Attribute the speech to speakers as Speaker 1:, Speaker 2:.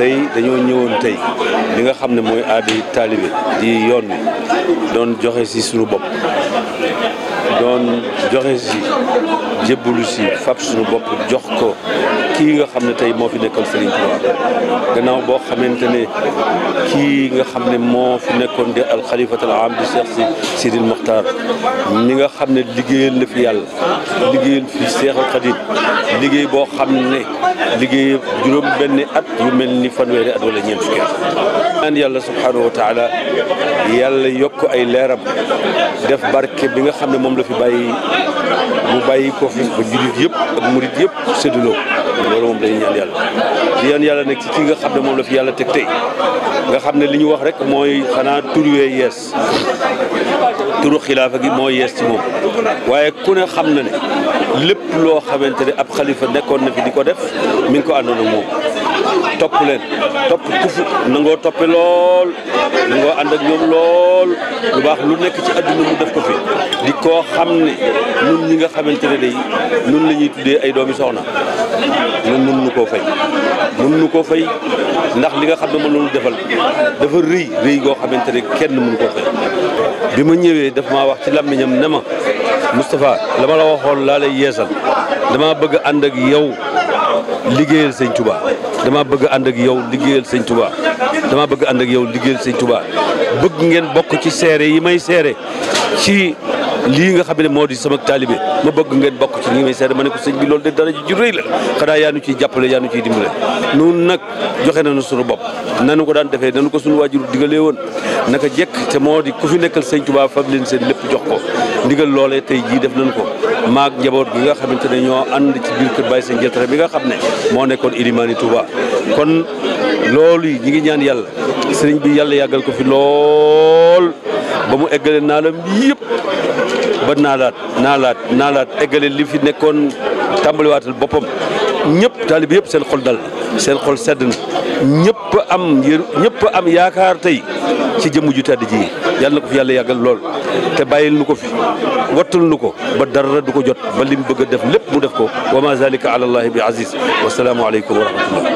Speaker 1: tey dañoo ñëwoon tey li nga xam ne mooy aadi taalibe di yoon wi doon joxe si suñu bopp doon joxe si jébbalu si fab suñu bopp jox ko kii nga xam ne tey moo fi nekkoon Serigne Touba gannaaw boo xamante ne kii nga xam ne moo fi nekkoon di alxalifatul am di Cheikh si Sidil Mokhtar mi nga xam ne liggéeyal na fi yàlla liggéeyal fi Cheikhul Khadim liggéey boo xam ne liggéey juróom benn at yu mel ni fanweeri at wala ñeent fukki at yàlla subhaanahu wa taala yàlla yokk ay leeram def barke bi nga xam ne moom la fi bay mu bàyyi ko fi ba jullit yëpp ak murit yëpp séddaloo loolu moom dañuy ñaan yàlla di ñaan yàlla nekk ci ki nga xam ne moom la fi yàlla teg tey nga xam ne li ñu wax rek mooy xanaa tur wee yees turu xilaafa gi mooy yees ci moom waaye ku xam na ne lépp loo xamante ne ab xalifa nekkoon na fi di ko def mi ngi ko àndoon ak moom topp leen topp kufu nangoo toppe lool nangoo ànd ak ñoom lool lu baax lu nekk ci àdduna mu def ko fi di koo xam ne nun ñi nga xamante ne day nun la tuddee ay doomi soxna nun mun nu koo fay mun nu koo fay ndax li nga xam ne ma loolu defal dafa rëy rëy goo xamante ne kenn mënu koo fay bi ma ñëwee daf ma wax ci làmmiñam ne ma Moustapha la ma la waxoon laa lay yeesal dama bëgg ànd ak yow liggéeyal sëñ dama bëgg ànd ak yow liggéeyal sëñ dama bëgg ànd ak yow liggéeyal sëñ bëgg ngeen bokk ci seere yi may seere ci lii nga xam ne moo di sama taalibe ma bëgg ngeen bokk ci li may seede ma ne ko sëñ bi loolu de dara ju rëy la xanaa yaa nu ciy jàppale yaa nu ciy dimbale noonu nag joxe nañu suñu bopp nanu ko daan defee nanu ko suñu waajur digalee woon naka jekk te moo di ku fi nekkal sëñ Tuubaa fab leen seen lépp jox ko ndigal loolee tey jii def nañu ko maag njaboot bi nga xamante ne ñoo ànd ci biir kër Baye Sëñ Jatara bi nga xam ne moo nekkoon ilimaani Touba kon loolu yi ñi ngi ñaan yàlla sëriñ bi yàlla yàggal ko fi lool ba mu eggale naalam yëpp ba naalaat naalaat naalaat eggale li fi nekkoon tàmbaliwaatal boppam ñëpp taalib yëpp seen xol dal seen xol sedd na am yër ñëpp am yaakaar tey ci jëmm ju tedd ji yàlla ko fi yàlla yàggal lool te bàyyil nu ko fi wattul nu ko ba dara du ko jot ba li mu bëgg def lépp mu def ko wa ma zalika bi aziz wasalaamu aleykum wa rahmatullah